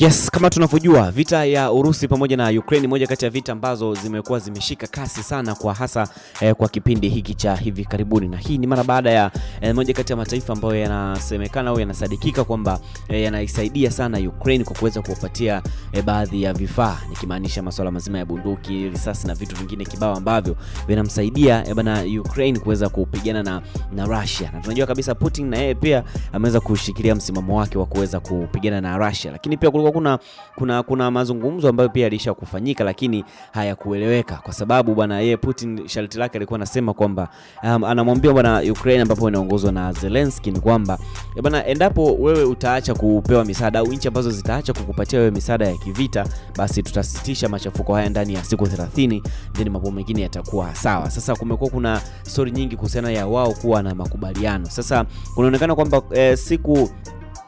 Yes, kama tunavyojua vita ya Urusi pamoja na Ukraine moja kati ya vita ambazo zimekuwa zimeshika kasi sana kwa hasa eh, kwa kipindi hiki cha hivi karibuni, na hii ni mara baada ya eh, moja kati ya mataifa ambayo yanasemekana au yanasadikika kwamba eh, yanaisaidia sana Ukraine kwa kuweza kuwapatia eh, baadhi ya vifaa, nikimaanisha masuala mazima ya bunduki, risasi na vitu vingine kibao ambavyo vinamsaidia eh, bana Ukraine kuweza kupigana na, na Russia. Na tunajua kabisa Putin na yeye pia ameweza kushikilia msimamo wake wa kuweza kupigana na Russia, lakini pia kwa kuna, kuna, kuna mazungumzo ambayo pia yalisha kufanyika lakini hayakueleweka kwa sababu bwana yeye Putin sharti lake alikuwa anasema kwamba um, anamwambia bwana Ukraine ambapo inaongozwa na Zelensky ni kwamba eh, bwana, endapo wewe utaacha kupewa misaada au nchi ambazo zitaacha kukupatia wewe misaada ya kivita, basi tutasitisha machafuko haya ndani ya siku 30, then mambo mengine yatakuwa sawa. Sasa kumekuwa kuna story nyingi kuhusiana ya wao kuwa na makubaliano. Sasa kunaonekana kwamba eh, siku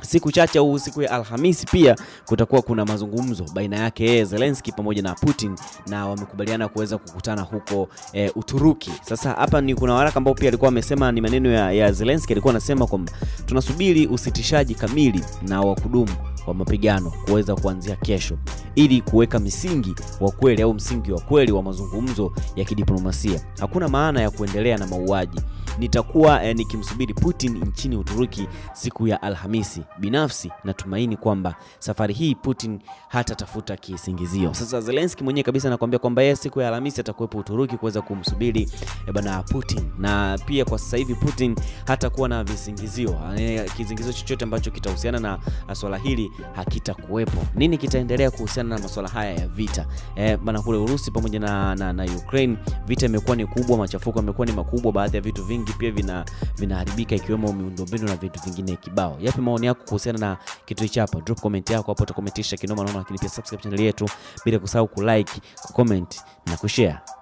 Siku chache huu siku ya Alhamisi pia kutakuwa kuna mazungumzo baina yake yeye Zelensky pamoja na Putin, na wamekubaliana kuweza kukutana huko e, Uturuki. Sasa hapa ni kuna waraka ambao pia alikuwa amesema ni maneno ya, ya Zelensky alikuwa anasema kwamba tunasubiri usitishaji kamili na wa kudumu wa mapigano kuweza kuanzia kesho ili kuweka misingi wa kweli au msingi wa kweli wa mazungumzo ya kidiplomasia. Hakuna maana ya kuendelea na mauaji. Nitakuwa eh, nikimsubiri Putin nchini Uturuki siku ya Alhamisi. Binafsi natumaini kwamba safari hii Putin hatatafuta kisingizio. Sasa Zelensky mwenyewe kabisa anakuambia kwamba yeye siku ya Alhamisi atakuwepo Uturuki kuweza kumsubiri eh, bwana Putin, na pia kwa sasa hivi Putin hatakuwa na visingizio eh, kisingizio chochote ambacho kitahusiana na eh, swala hili hakitakuwepo. Nini kitaendelea kuhusiana kuhusiana na masuala haya ya vita e, kule Urusi pamoja na, na, na Ukraine vita imekuwa ni kubwa, machafuko yamekuwa ni makubwa, baadhi ya vitu vingi pia vina vinaharibika ikiwemo miundombinu na vitu vingine kibao. Yapi maoni yako kuhusiana na kitu hicho hapa? Drop comment yako hapo, utakomentisha kinoma naona, lakini pia subscribe channel yetu bila kusahau kulike, kucomment na kushare.